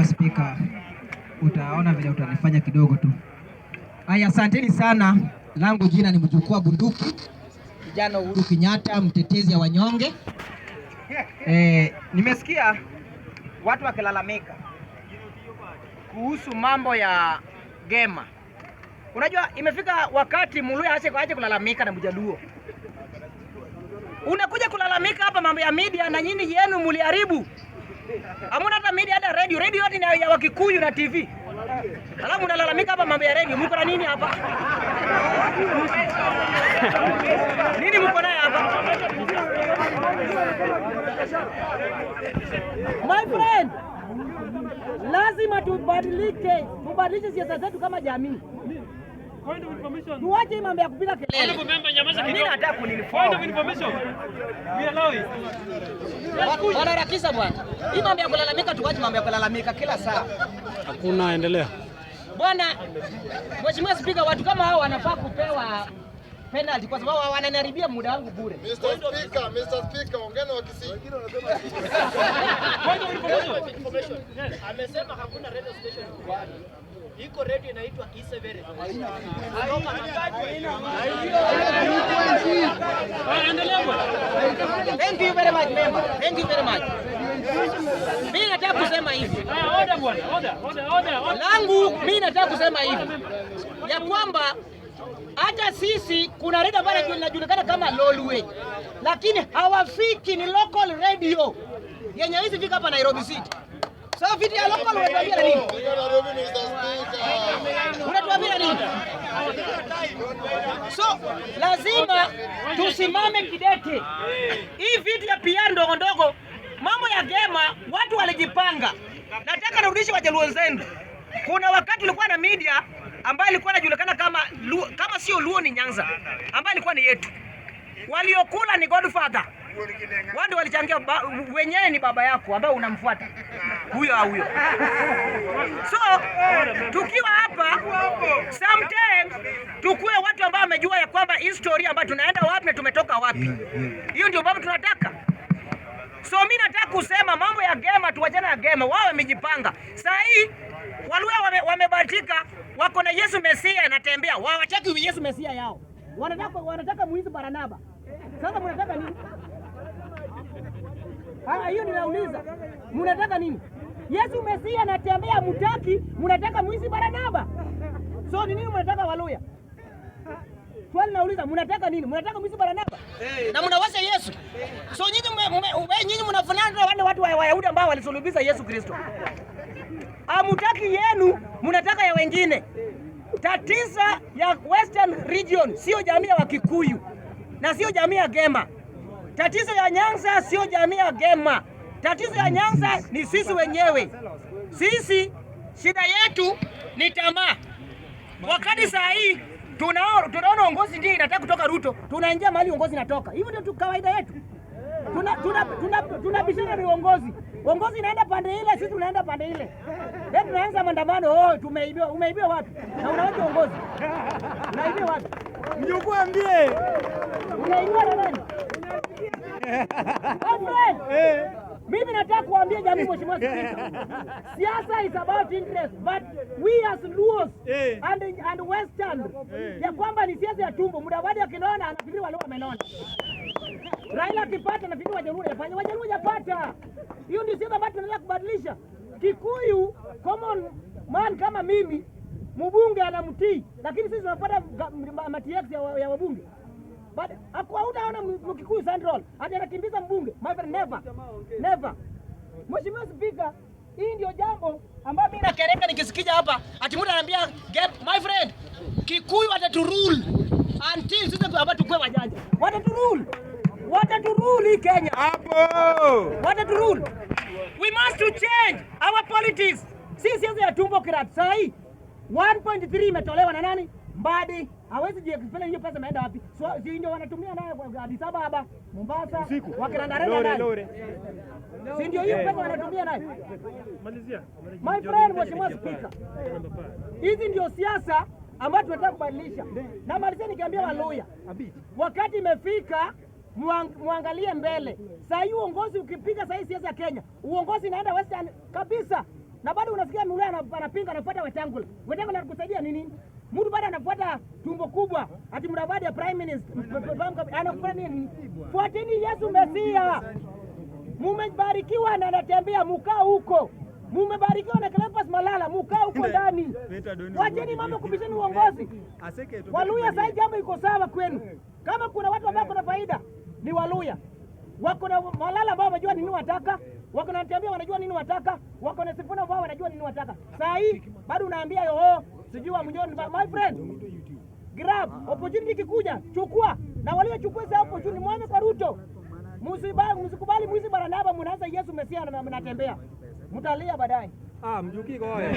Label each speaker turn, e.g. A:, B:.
A: Mheshimiwa Spika, utaona vile utanifanya kidogo tu. Haya, asanteni sana. Langu jina ni mjukuu wa bunduki, kijana Uhuru Kenyatta, mtetezi wa wanyonge. Eh, nimesikia watu wakilalamika kuhusu mambo ya Gema. Unajua, imefika wakati Muluya ache kulalamika na Mjaluo unakuja kulalamika hapa mambo ya media, na nyinyi yenu muliharibu Hamuna hata media hata radio. Radio yote ni ya Wakikuyu na TV. Alafu nalalamika hapa mambo ya radio. Mko na nini hapa? Nini mko naye hapa? My friend, lazima tubadilike, tubadilishe siasa zetu kama jamii. Muache mambo ya kupiga kelele. Mimi nataka
B: kunilifollow.
A: Wanaharakisha bwana. Hii mambo ya kulalamika tukaje mambo ya kulalamika kila saa.
C: Hakuna endelea.
A: Bwana Mheshimiwa Spika, watu kama hao wanafaa kupewa penalty kwa sababu wananiharibia muda wangu bure.
D: Mr. Speaker, Mr. Speaker, ongea wakisi. Wengine wanasema
B: Amesema hakuna radio station iko redio inaitwa Isevere e Thank
A: you Mimi nataka kusema hivi. Ah, Oda bwana, Langu mimi nataka kusema hivi ya kwamba hata sisi kuna redio ambayo inajulikana kama Lolwe, lakini hawafiki. Ni local radio yenye hizi fika hapa Nairobi City. Sasa viti ya unatuambia nini? Unatuambia nini? So lazima tusimame kidete. Hii viti ya pia ndogo ndogo, mambo ya gema, watu walijipanga. Nataka nirudishe wajaluo zenu. Kuna wakati ulikuwa na media ambayo ilikuwa inajulikana kama kama sio Luo ni Nyanza, ambayo ilikuwa ni yetu. Waliokula ni Godfather. Wao walichangia wenyewe ni baba yako ambao unamfuata huyo au huyo. So tukiwa hapa sometimes tukue watu ambao wamejua ya kwamba historia ambayo tunaenda wapi na tumetoka wapi. Mm, mm. Hiyo ndio mambo tunataka. So mimi nataka kusema mambo ya gema, tuwachana na gema, wao wamejipanga saa hii Waluya wamebahatika, wame wako na Yesu Mesia anatembea, wawataki Yesu Mesia yao, wanataka wanataka mwizi Baranaba. Sasa mnataka nini? Ah, hiyo ninauliza, mnataka nini? Yesu Mesia anatembea, mutaki, munataka mwizi Baranaba. So ni nini munataka Waluya? Swali nauliza, munataka nini? Munataka mwizi Baranaba na munawasha Yesu. So nyinyi mnafanana na wale watu wa Wayahudi ambao walisulubiza Yesu Kristo. Amutaki yenu, munataka ya wengine. tatiza ya Western region sio jamii ya Wakikuyu na sio jamii ya Gema. Tatizo ya Nyanza sio jamii ya Gema. Tatizo ya Nyanza ni sisi wenyewe. Sisi shida yetu ni tamaa. Wakati saa hii tunaona uongozi ndio inataka kutoka Ruto, tunaingia mahali uongozi inatoka. Hivi ndio kawaida yetu, tunabishana tuna, tuna, tuna na uongozi. Uongozi inaenda pande ile, sisi tunaenda pande ile, then tunaanza maandamano. Oh, tumeibiwa. Umeibiwa watu Na unaweka uongozi, unaibiwa watu
C: Mjukuu ambie
A: unaibiwa na nani? Mimi nataka kuambia jamii, mheshimiwa Spika, siasa is about interest but we as Luos eh. and, and Western eh. ya kwamba ni siasa ya tumbo. Mudavadi akinona anafikiri Waluo wamenona, Raila akipata anafikiri Wajaluo afanya, Wajaluo hajapata. Hiyo ndio siasa ambayo tunaendelea kubadilisha. Kikuyu common man kama mimi, mbunge anamtii, lakini sisi tunapata matx ya wabunge but hakuautaona uh, mkikuyu Central ati anakimbiza mbunge my friend, never never. Mheshimiwa Spika, hii ndio jambo ambayo mimi nakereka nikisikija hapa ati mtu ananiambia get My friend, Kikuyu atatu-rule until sisi hapa tukue wajanja, wataturule rule hii Kenya hapo, watatu-rule We must to change our politics. Sisi siasa ya tumbo kirat sahi 1.3 imetolewa na nani? Mbadi hawezi jiexplain hiyo pesa imeenda wapi? So si ndio wanatumia naye kwa Addis Ababa, Mombasa, wakirandarenda naye. Si ndio hiyo eh. pesa wanatumia naye? Malizia. My friend, Mheshimiwa Spika. Hizi ndio siasa ambayo tunataka kubadilisha. Na malizia nikiambia waloya. Wakati imefika muangalie mbele. Saa hii uongozi ukipiga saa hii siasa ya Kenya, uongozi inaenda western kabisa. Na bado unasikia Muluya anapinga anafuata Wetangula. Wetangula anakusaidia nini? mtu bado anafuata tumbo kubwa, ati mradi ya prime minister anakufanya nini? Fuateni Yesu Mesia, mumebarikiwa na anatembea, mukaa huko mumebarikiwa na Cleophas Malala, mukaa huko ndani, wacheni mambo kupishana uongozi. Waluya sasa jambo iko sawa kwenu. Kama kuna watu ambao kuna faida ni Waluya, wako na Malala ambao wajua nini wataka wako naniambia wanajua nini wataka, wako sifuna wao wanajua nini wataka. Saa hii bado unaambia yoho sijui wa mjoni. My friend, grab opportunity, kikuja chukua na waliochukua hizo opportunity mwame kwa Ruto. Msibali, msikubali mwizi Barnaba, mnaanza Yesu Mesia na mnatembea, mtalia baadaye. Ah, mjukiko wewe.